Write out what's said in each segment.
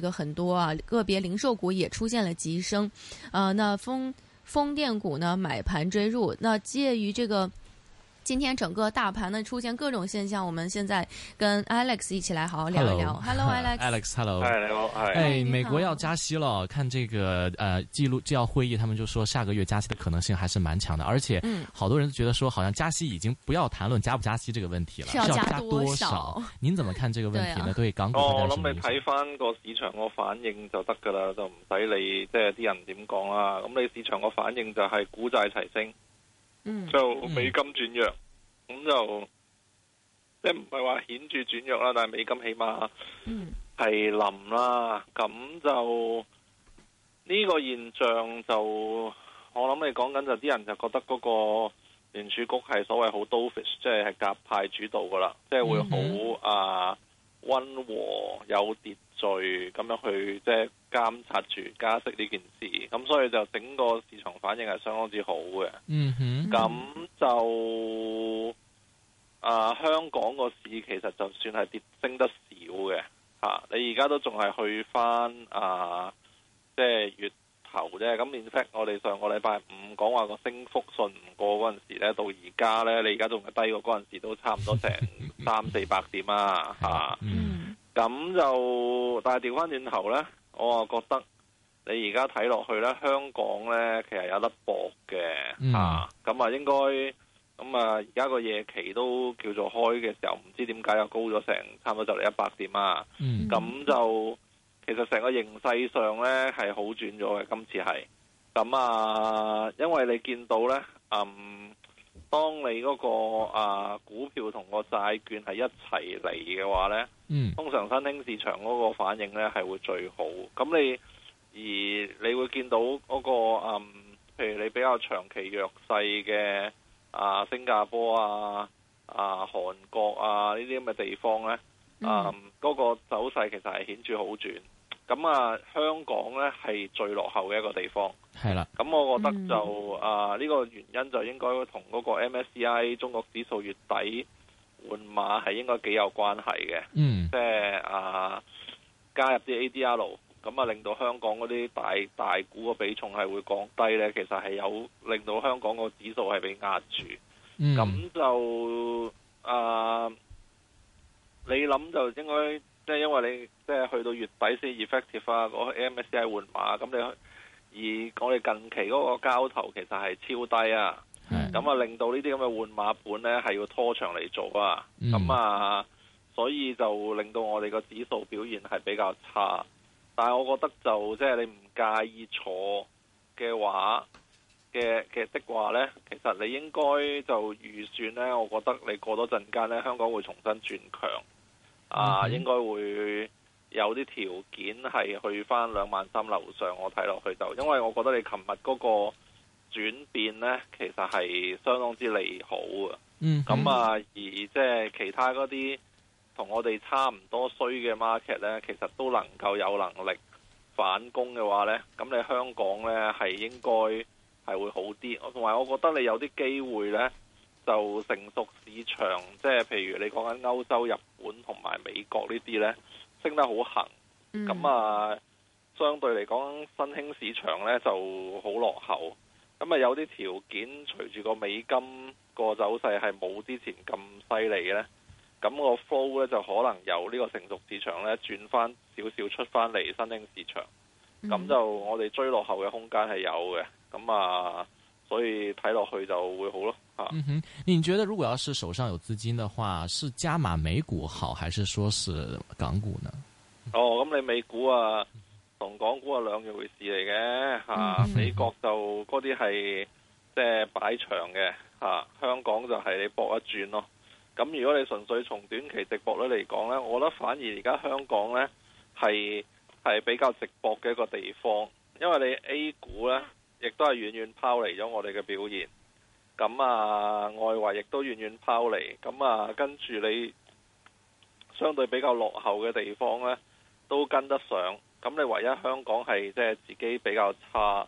這個很多啊，個別零售股也出現了急升，啊、呃，那風風電股呢買盤追入，那介於這個。今天整個大盤呢，出現各種現象，我們現在跟 Alex 一起來好好聊一聊。Hello，Alex。Alex，Hello，你好。哎、hey. Hey, 好，美國要加息了，看這個呃記錄紀要會議，他們就說下個月加息的可能性還是蠻強的，而且好多人覺得說好像加息已經不要談論加不加息這個問題了，是要加多少？多少您怎麼看這個問題呢？ 對港、啊、股哦，我諗你睇翻個市場個反應就得㗎喇，就唔使理即係啲人點講啦。咁你市場個反應就係股債齊升。就美金轉弱，咁就即係唔係話顯著轉弱啦，但係美金起碼係冧啦，咁 就呢、這個現象就我諗你講緊就啲人就覺得嗰個聯儲局係所謂好 dovish，即係係鴿派主導噶啦，即係會好啊溫和有秩序咁樣去即係。監察住加息呢件事，咁所以就整個市場反應係相當之好嘅。嗯哼、mm，咁、hmm。就啊、呃，香港個市其實就算係跌升得少嘅嚇、啊，你而家都仲係去翻啊，即係月頭啫。咁面息，我哋上個禮拜五講話個升幅信唔過嗰陣時咧，到而家咧，你而家仲係低過嗰陣時，都差唔多成三四百點啊嚇。咁、啊 mm hmm。就但係調翻轉頭咧。我啊覺得你而家睇落去咧，香港咧其實有得搏嘅嚇，咁、嗯、啊、嗯、應該咁啊而家個夜期都叫做開嘅時候，唔知點解又高咗成差唔多、嗯、就嚟一百點啊，咁就其實成個形勢上咧係好轉咗嘅，今次係咁、嗯、啊，因為你見到咧嗯。當你嗰個啊股票同個債券係一齊嚟嘅話呢、mm. 通常新興市場嗰個反應呢係會最好。咁你而你會見到嗰個、嗯、譬如你比較長期弱勢嘅啊新加坡啊啊韓國啊呢啲咁嘅地方呢，嗰、mm. 啊嗰個走勢其實係顯著好轉。咁啊香港呢係最落後嘅一個地方。係啦，咁我覺得就啊呢、嗯呃呢個原因就應該同嗰個 MSCI 中國指數月底換馬係應該幾有關係嘅，即係啊加入啲 ADR，咁啊令到香港嗰啲大大股個比重係會降低呢，其實係有令到香港個指數係被壓住，咁、嗯、就啊、呃、你諗就應該即係因為你即係去到月底先 effective 啊，嗰、嗰個 MSCI 換馬，咁你。而我哋近期嗰個交投其實係超低啊，咁啊的令到呢啲咁嘅換馬盤咧係要拖長嚟做啊，咁、嗯、啊所以就令到我哋個指數表現係比較差。但係我覺得就即係、就是、你唔介意坐嘅話，嘅嘅的話咧，其實你應該就預算咧，我覺得你過多陣間咧，香港會重新轉強、嗯、是啊，應該會。有啲條件係去翻兩萬三樓上，我睇落去就，因為我覺得你琴日嗰個轉變咧，其實係相當之利好啊。咁、嗯、啊，而即係其他嗰啲同我哋差唔多衰嘅 market 呢，其實都能夠有能力反攻嘅話呢。咁你香港呢，係應該係會好啲。同埋，我覺得你有啲機會呢，就成熟市場，即、就、係、是、譬如你講緊歐洲、日本同埋美國呢啲呢。升得好行，咁啊，相對嚟講新興市場呢就好落後，咁啊有啲條件隨住個美金個走勢係冇之前咁犀利嘅，咁個 flow 呢，就可能由呢個成熟市場呢轉翻少少出翻嚟新興市場，咁就我哋追落後嘅空間係有嘅，咁啊，所以睇落去就會好咯。嗯哼，你覺得如果要是手上有資金的話，是加碼美股好，還是說是港股呢？哦，咁你美股啊同港股係兩樣回事嚟嘅吓，美國就嗰啲係即係擺長嘅吓，香港就係你搏一轉咯。咁如果你純粹從短期值博率嚟講呢，我覺得反而而家香港呢係係比較值博嘅一個地方，因為你 A 股呢亦都係遠遠拋離咗我哋嘅表現。咁啊，外圍亦都遠遠拋離，咁啊跟住你相對比較落後嘅地方咧，都跟得上。咁你唯一香港係即係自己比較差，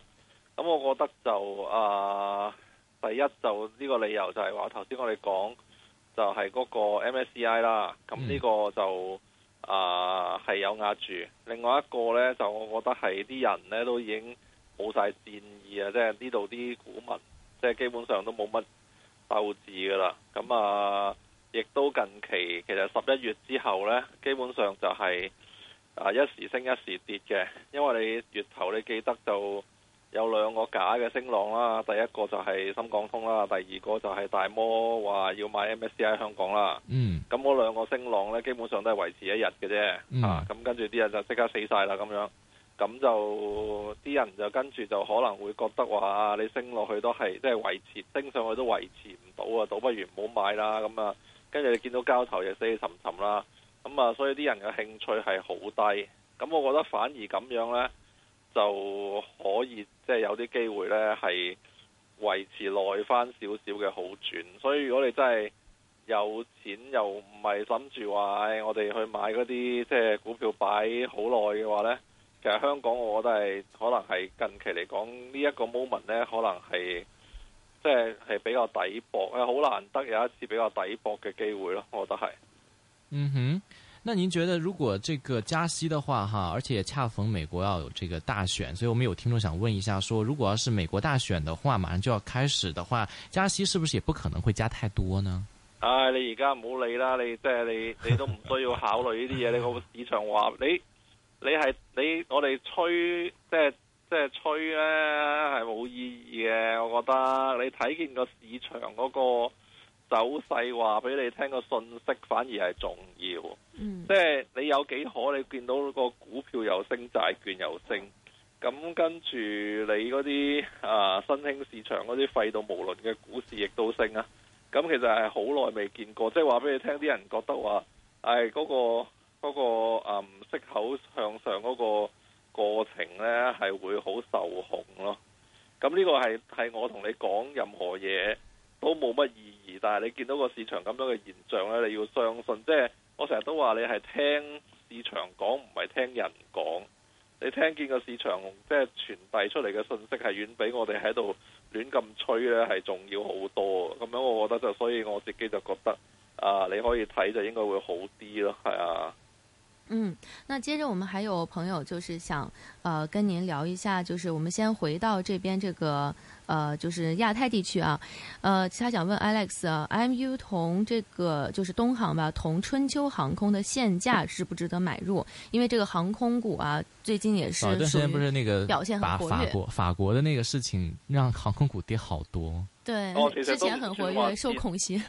咁我覺得就啊、呃，第一就呢個理由就係話頭先我哋講就係個 MSCI 啦，咁呢個就啊係、呃、有壓住。另外一個咧就我覺得係啲人咧都已經冇晒戰意，啊，即係呢度啲股民。即係基本上都冇乜鬥志㗎啦，咁啊，亦都近期其實十一月之後呢，基本上就係、是啊、一時升一時跌嘅，因為你月頭你記得就有兩個假嘅升浪啦，第一個就係深港通啦，第二個就係大摩話要買 MSCI 香港啦。嗯。咁嗰兩個升浪呢，基本上都係維持一日嘅啫。嗯。咁、啊、跟住啲人就即刻死晒啦，咁樣。咁就啲人就跟住就可能會覺得話你升落去都係即係維持，升上去都維持唔到啊，倒不如唔好買啦。咁啊，跟住你見到交投又死氣沉沉啦。咁啊，所以啲人嘅興趣係好低。咁我覺得反而咁樣呢，就可以即係、就是、有啲機會呢係維持耐翻少少嘅好轉。所以如果你真係有錢又唔係諗住話，我哋去買嗰啲即係股票擺好耐嘅話呢。其實香港，我覺得係可能係近期嚟講呢一個 moment 呢，可能係即係係比較抵博。啊，好難得有一次比較抵博嘅機會咯。我覺得係，嗯哼。那您覺得如果這個加息的話，哈，而且恰逢美國要有這個大選，所以我們有聽眾想問一下說，說如果要是美國大選的話，馬上就要開始的話，加息是不是也不可能會加太多呢？唉、哎，你而家唔好理啦，你即係你你都唔需要考慮呢啲嘢，你個市場話你。 你係你，我哋吹即係即係吹呢，係冇意義嘅。我覺得你睇見個市場嗰個走勢，話俾你聽個信息，反而係重要。嗯，即係你有幾可，你見到個股票又升，債券又升，咁跟住你嗰啲啊，新興市場嗰啲廢到無論嘅股市亦都升啊！咁其實係好耐未見過，即係話俾你聽，啲人覺得話唉，嗰個。嗰、那個誒、嗯、息口向上嗰個過程呢，係會好受控咯。咁呢個係係我同你講任何嘢都冇乜意義，但係你見到個市場咁樣嘅現象呢，你要相信。即係我成日都話你係聽市場講，唔係聽人講。你聽見個市場即係傳遞出嚟嘅信息係遠比我哋喺度亂咁吹呢，係重要好多。咁樣我覺得就所以我自己就覺得啊，你可以睇就應該會好啲咯，係啊。嗯，那接着我們還有朋友就是想。呃，跟您聊一下，就是我們先回到這邊這個呃，就是亞太地區啊。呃，其他想問 Alex 啊，MU 同這個就是東航吧，同春秋航空的現價值不值得買入？因為這個航空股啊，最近也是早段時間不是那個表現很活躍，法國法國的那個事情讓航空股跌好多。對，之前很活躍受恐襲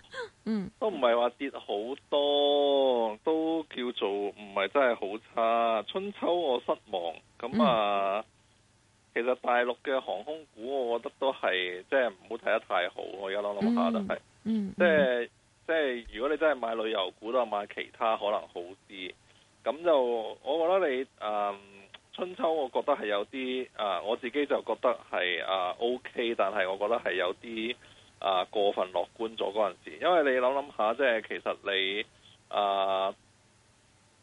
嗯都唔係話跌好多，都叫做唔係真係好差。春秋我失望，咁啊。啊，嗯、其實大陸嘅航空股，我覺得都係即係唔好睇得太好。我而家諗諗下都係，即係即係如果你真係買旅遊股啦，都係買其他可能好啲。咁就我覺得你誒、嗯、春秋，我覺得係有啲誒、啊，我自己就覺得係啊 OK，但係我覺得係有啲啊過分樂觀咗陣時。因為你諗諗下，即、就、係、是、其實你誒、啊、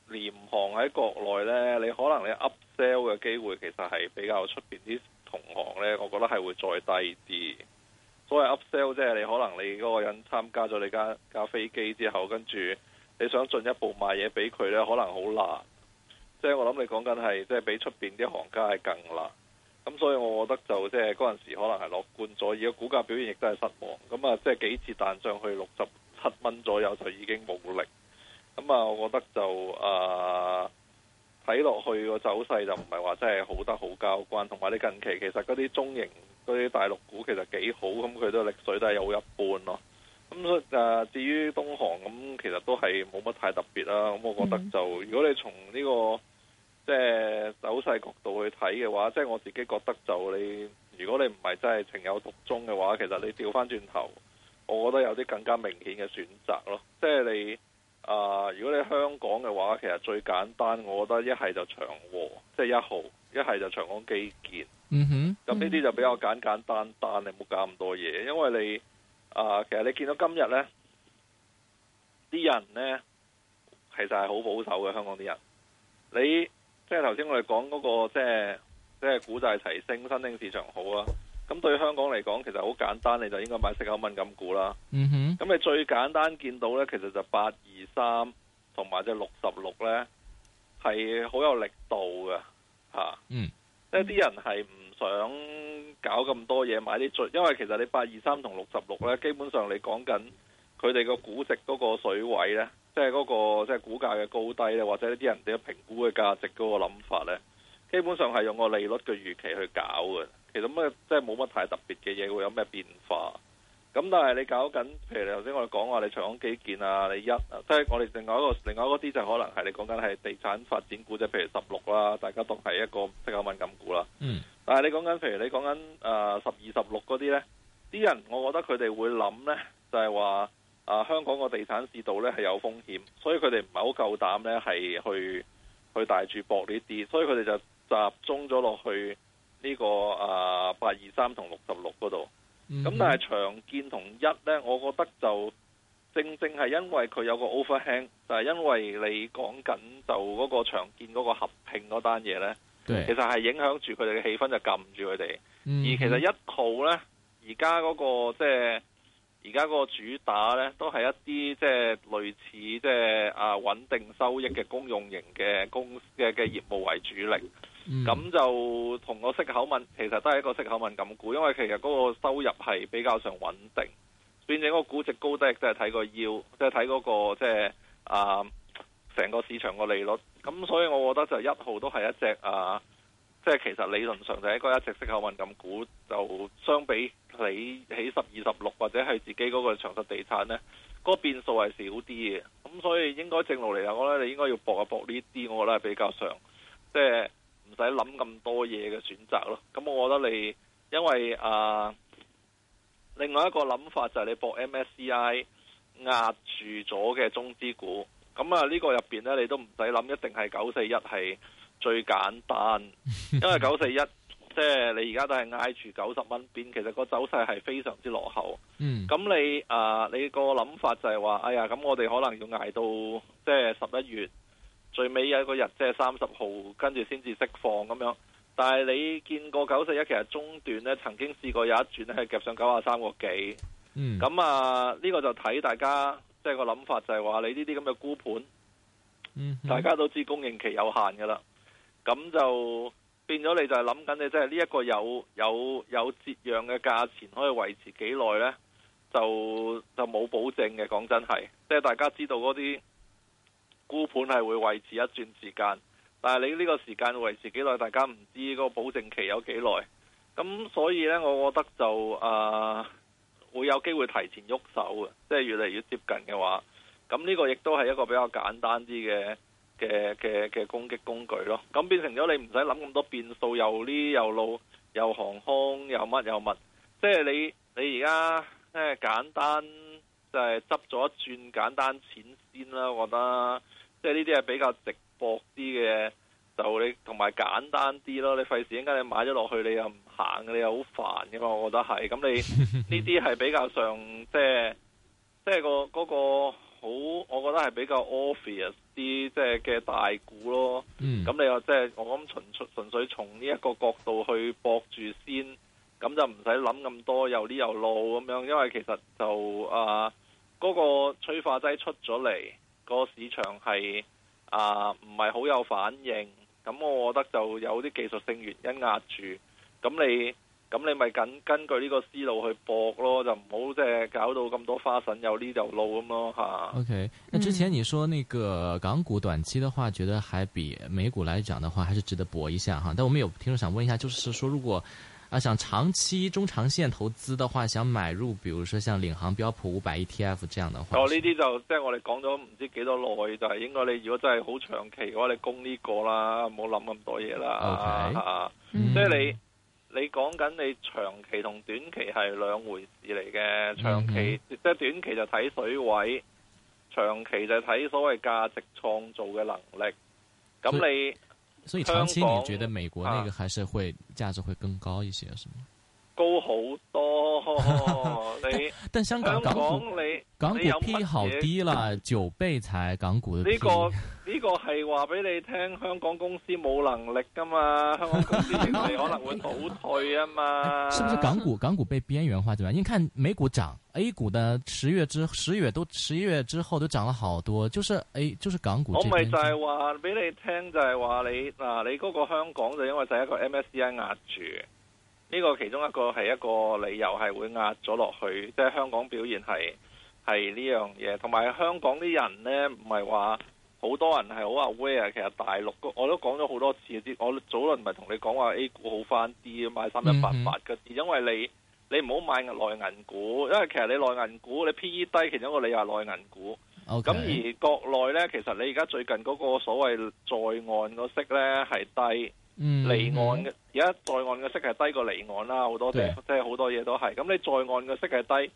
廉航喺國內咧，你可能你 up。sale 嘅機會其實係比較出邊啲同行呢，我覺得係會再低啲。所謂 up sell 即係你可能你嗰個人參加咗你間架飛機之後，跟住你想進一步賣嘢畀佢呢，可能好難。即係我諗你講緊係即係比出邊啲行家係更難。咁所以我覺得就即係嗰陣時可能係樂觀咗，而家股價表現亦都係失望。咁啊，即係幾次彈上去六十七蚊左右就已經冇力。咁啊，我覺得就啊。呃睇落去個走勢就唔係話真係好得好交關，同埋你近期其實嗰啲中型嗰啲大陸股其實幾好，咁佢都力水都係有一半咯。咁誒，至於東航咁，其實都係冇乜太特別啦。咁我覺得就如果你從呢個即係走勢角度去睇嘅話，即係我自己覺得就你如果你唔係真係情有獨鍾嘅話，其實你調翻轉頭，我覺得有啲更加明顯嘅選擇咯。即係你。啊、呃！如果你香港嘅話，其實最簡單，我覺得一係就長和，即係一號；一係就長江基建。嗯哼。咁呢啲就比較簡簡單單，你冇搞咁多嘢，因為你啊、呃，其實你見到今日呢啲人呢，其實係好保守嘅香港啲人。你即係頭先我哋講嗰個，即係即係股債提升，新興市場好啊。咁對香港嚟講，其實好簡單，你就應該買息口敏感股啦。咁、mm hmm. 你最簡單見到呢，其實就八二三同埋即六十六呢，係好有力度嘅嚇。嗯、啊，mm hmm. 即係啲人係唔想搞咁多嘢，買啲最，因為其實你八二三同六十六呢，基本上你講緊佢哋個估值嗰個水位呢，即係嗰個即係、就是、股價嘅高低呢，或者啲人嘅評估嘅價值嗰個諗法呢，基本上係用個利率嘅預期去搞嘅。其實咁即係冇乜太特別嘅嘢，會有咩變化？咁但係你搞緊，譬如你頭先我哋講話你長江基建啊，你一即係、就是、我哋另外一個另外嗰啲就可能係你講緊係地產發展股啫，譬如十六啦，大家都係一個比較敏感股，股啦。嗯，但係你講緊譬如你講緊誒十二十六嗰啲呢啲人我覺得佢哋會諗呢，就係話啊香港個地產市道呢係有風險，所以佢哋唔係好夠膽呢係去去大住搏呢啲，所以佢哋就集中咗落去。呢、這個啊八二三同六十六嗰度，咁、呃嗯、哼但係長建同一呢，我覺得就正正係因為佢有個 overhang，就係因為你講緊就嗰個長建嗰個合併嗰單嘢呢，對其實係影響住佢哋嘅氣氛，就撳住佢哋。嗯、哼而其實一套呢，而家嗰個即係而家嗰個主打呢，都係一啲即係類似即係啊穩定收益嘅公用型嘅公司嘅嘅業務為主力。咁、嗯、就同個息口敏，其實都係一個息口敏感股。因為其實嗰個收入係比較上穩定，變咗個估值高低即係睇個要，即係睇嗰個即係啊，成個市場個利率。咁所以我覺得就一號都係一隻啊，即、就、係、是、其實理論上就應該一隻息口敏感股。就相比你起十二十六或者係自己嗰個長實地產呢，嗰、那個變數係少啲嘅。咁所以應該正路嚟講，我覺得你應該要搏一搏呢啲，我覺得係比較上即係。就是唔使諗咁多嘢嘅選擇咯，咁我覺得你因為啊、呃，另外一個諗法就係你搏 MSCI 壓住咗嘅中資股，咁啊呢個入邊呢，你都唔使諗，一定係九四一係最簡單， 因為九四一即係你而家都係挨住九十蚊邊，其實個走勢係非常之落後。咁 你啊、呃、你個諗法就係、係、話，哎呀，咁我哋可能要挨到即係十一月。最尾有一個日，即係三十號，跟住先至釋放咁樣。但係你見過九四一，其實中段咧，曾經試過有一轉咧係夾上九啊三個幾。嗯。咁啊，呢個就睇大家即係個諗法，就係話你呢啲咁嘅沽盤，嗯哼，大家都知供應期有限噶啦。咁就變咗，你就係諗緊你即係呢一個有有有折讓嘅價錢可以維持幾耐呢，就就冇保證嘅。講真係，即係大家知道嗰啲。沽盤係會維持一轉時間，但係你呢個時間會維持幾耐？大家唔知個保證期有幾耐。咁所以呢，我覺得就啊、呃、會有機會提前喐手嘅，即係越嚟越接近嘅話。咁呢個亦都係一個比較簡單啲嘅嘅嘅嘅攻擊工具咯。咁變成咗你唔使諗咁多變數，又呢又路又航空又乜又乜，即係你你而家誒簡單就係執咗一轉簡單錢先啦。我覺得。即係呢啲係比較直博啲嘅，就你同埋簡單啲咯。你費事，依家你買咗落去，你又唔行，你又好煩噶嘛。我覺得係咁，你呢啲係比較上即係即係、嗰個嗰、嗰個好，我覺得係比較 obvious 啲即係嘅大股咯。咁、嗯、你又即係我咁純，純純粹從呢一個角度去博住先，咁就唔使諗咁多又呢又路咁樣。因為其實就啊嗰、嗰個催化劑出咗嚟。個市場係啊，唔係好有反應，咁我覺得就有啲技術性原因壓住，咁你咁你咪緊根據呢個思路去搏咯，就唔好即係搞到咁多花神有呢條路咁咯吓、啊、OK，之前你說那個港股短期的話，覺得還比美股來講的話，還是值得搏一下哈。但我們有聽眾想問一下，就是說如果。啊，想長期中長線投資的話，想買入，比如說像領航標普五百 ETF 這樣的話，哦呢啲就即係我哋講咗唔知幾多耐，就係、是、應該你如果真係好長期嘅話，你供呢個啦，唔好諗咁多嘢啦 Okay. 啊，嗯、即係你你講緊你長期同短期係兩回事嚟嘅，長期、嗯、即係短期就睇水位，長期就睇所謂價值創造嘅能力，咁你。所以長期，你覺得美國那個還是會價值會更高一些，是嗎？高好多，你 但,但香港你港股 P 好低啦，九倍才港股、這個。呢、這個呢個係話俾你聽，香港公司冇能力噶嘛，香港公司形勢可能會倒退啊嘛。 是不是港股？港股被邊緣化對吧？你看美股漲，A 股的十月之十月都十一月之後都漲了好多，就是 A、哎、就是港股。我咪就話俾你聽，就係、是、話你嗱，你嗰個香港就因為受一個 MSCI 壓住。呢個其中一個係一個理由係會壓咗落去，即係香港表現係係呢樣嘢，同埋香港啲人呢唔係話好多人係好 aware，其實大陸我都講咗好多次啲，我早輪咪同你講話 A 股好翻啲，D, 買三一八八嘅，嗯嗯、因為你你唔好買內銀股，因為其實你內銀股你 P E 低，其中一個理由係內銀股。咁 Okay. 而國內呢，其實你而家最近嗰個所謂在岸個息呢，係低，離、嗯、岸嘅。而家在岸嘅息係低過離岸啦，好多嘢對即係好多嘢都係。咁你在岸嘅息係低，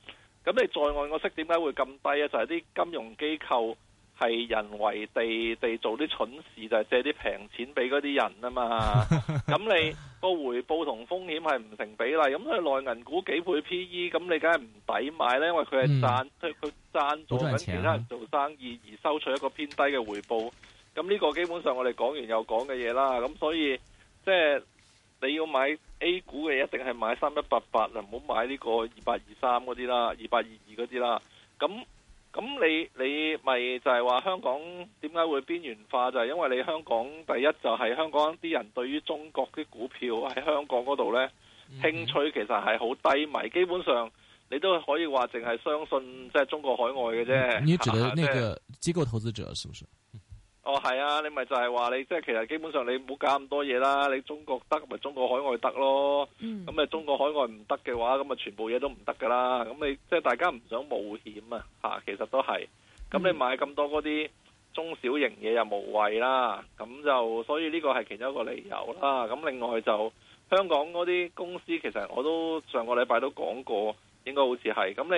咁你在岸嘅息點解會咁低啊？就係、是、啲金融機構係人為地地做啲蠢事，就係、是、借啲平錢俾嗰啲人啊嘛。咁 你個回報同風險係唔成比例。咁佢內銀股幾倍 P E，咁你梗係唔抵買咧，因為佢係賺佢佢贊助緊其他人做生意而收取一個偏低嘅回報。咁呢個基本上我哋講完又講嘅嘢啦。咁所以即係。你要買 A 股嘅一定係買三一八八，唔好買呢個二八二三嗰啲啦，二八二二嗰啲啦。咁咁你你咪就係話香港點解會邊緣化？就係、是、因為你香港第一就係香港啲人對於中國啲股票喺香港嗰度呢興趣其實係好低迷，嗯、基本上你都可以話淨係相信即係中國海外嘅啫、嗯。你指嘅嗰個機構投資者是不是？哦，係啊，你咪就係話你，即係其實基本上你唔好搞咁多嘢啦。你中國得咪、就是、中國海外得咯，咁咪、嗯、中國海外唔得嘅話，咁咪全部嘢都唔得㗎啦。咁你即係大家唔想冒險啊，嚇、啊，其實都係。咁你買咁多嗰啲中小型嘢又無謂啦。咁就所以呢個係其中一個理由啦。咁另外就香港嗰啲公司，其實我都上個禮拜都講過，應該好似係。咁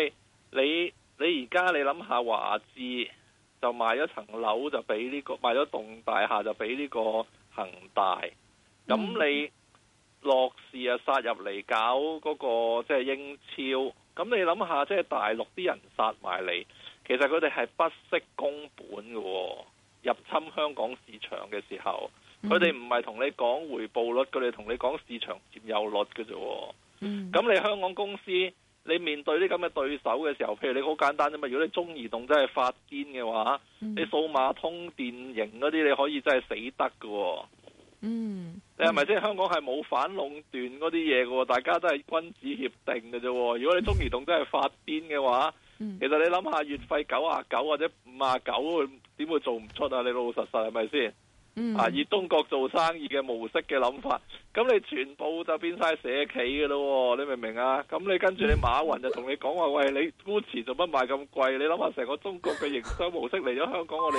你你你而家你諗下華智。就賣咗層樓就俾呢、這個，賣咗棟大廈就俾呢個恒大。咁、嗯、你樂視啊殺入嚟搞嗰、那個即係、就是、英超，咁你諗下即係大陸啲人殺埋嚟，其實佢哋係不惜工本嘅、哦，入侵香港市場嘅時候，佢哋唔係同你講回報率，佢哋同你講市場佔有率嘅啫、哦。咁、嗯、你香港公司。你面對啲咁嘅對手嘅時候，譬如你好簡單啫嘛。如果你中移動真係發癲嘅話，嗯、你數碼通、電盈嗰啲，你可以真係死得嘅、哦嗯。嗯，你係咪即係香港係冇反壟斷嗰啲嘢嘅？大家都係君子協定嘅啫。如果你中移動真係發癲嘅話，嗯、其實你諗下月費九啊九或者五啊九，點會做唔出啊？你老老實實係咪先？是啊！嗯、以中國做生意嘅模式嘅諗法，咁你全部就變晒社企嘅咯喎，你明唔明啊？咁你跟住你馬雲就同你講話：喂，你 Gucci 做乜賣咁貴？你諗下成個中國嘅營商模式嚟咗香港， 我哋。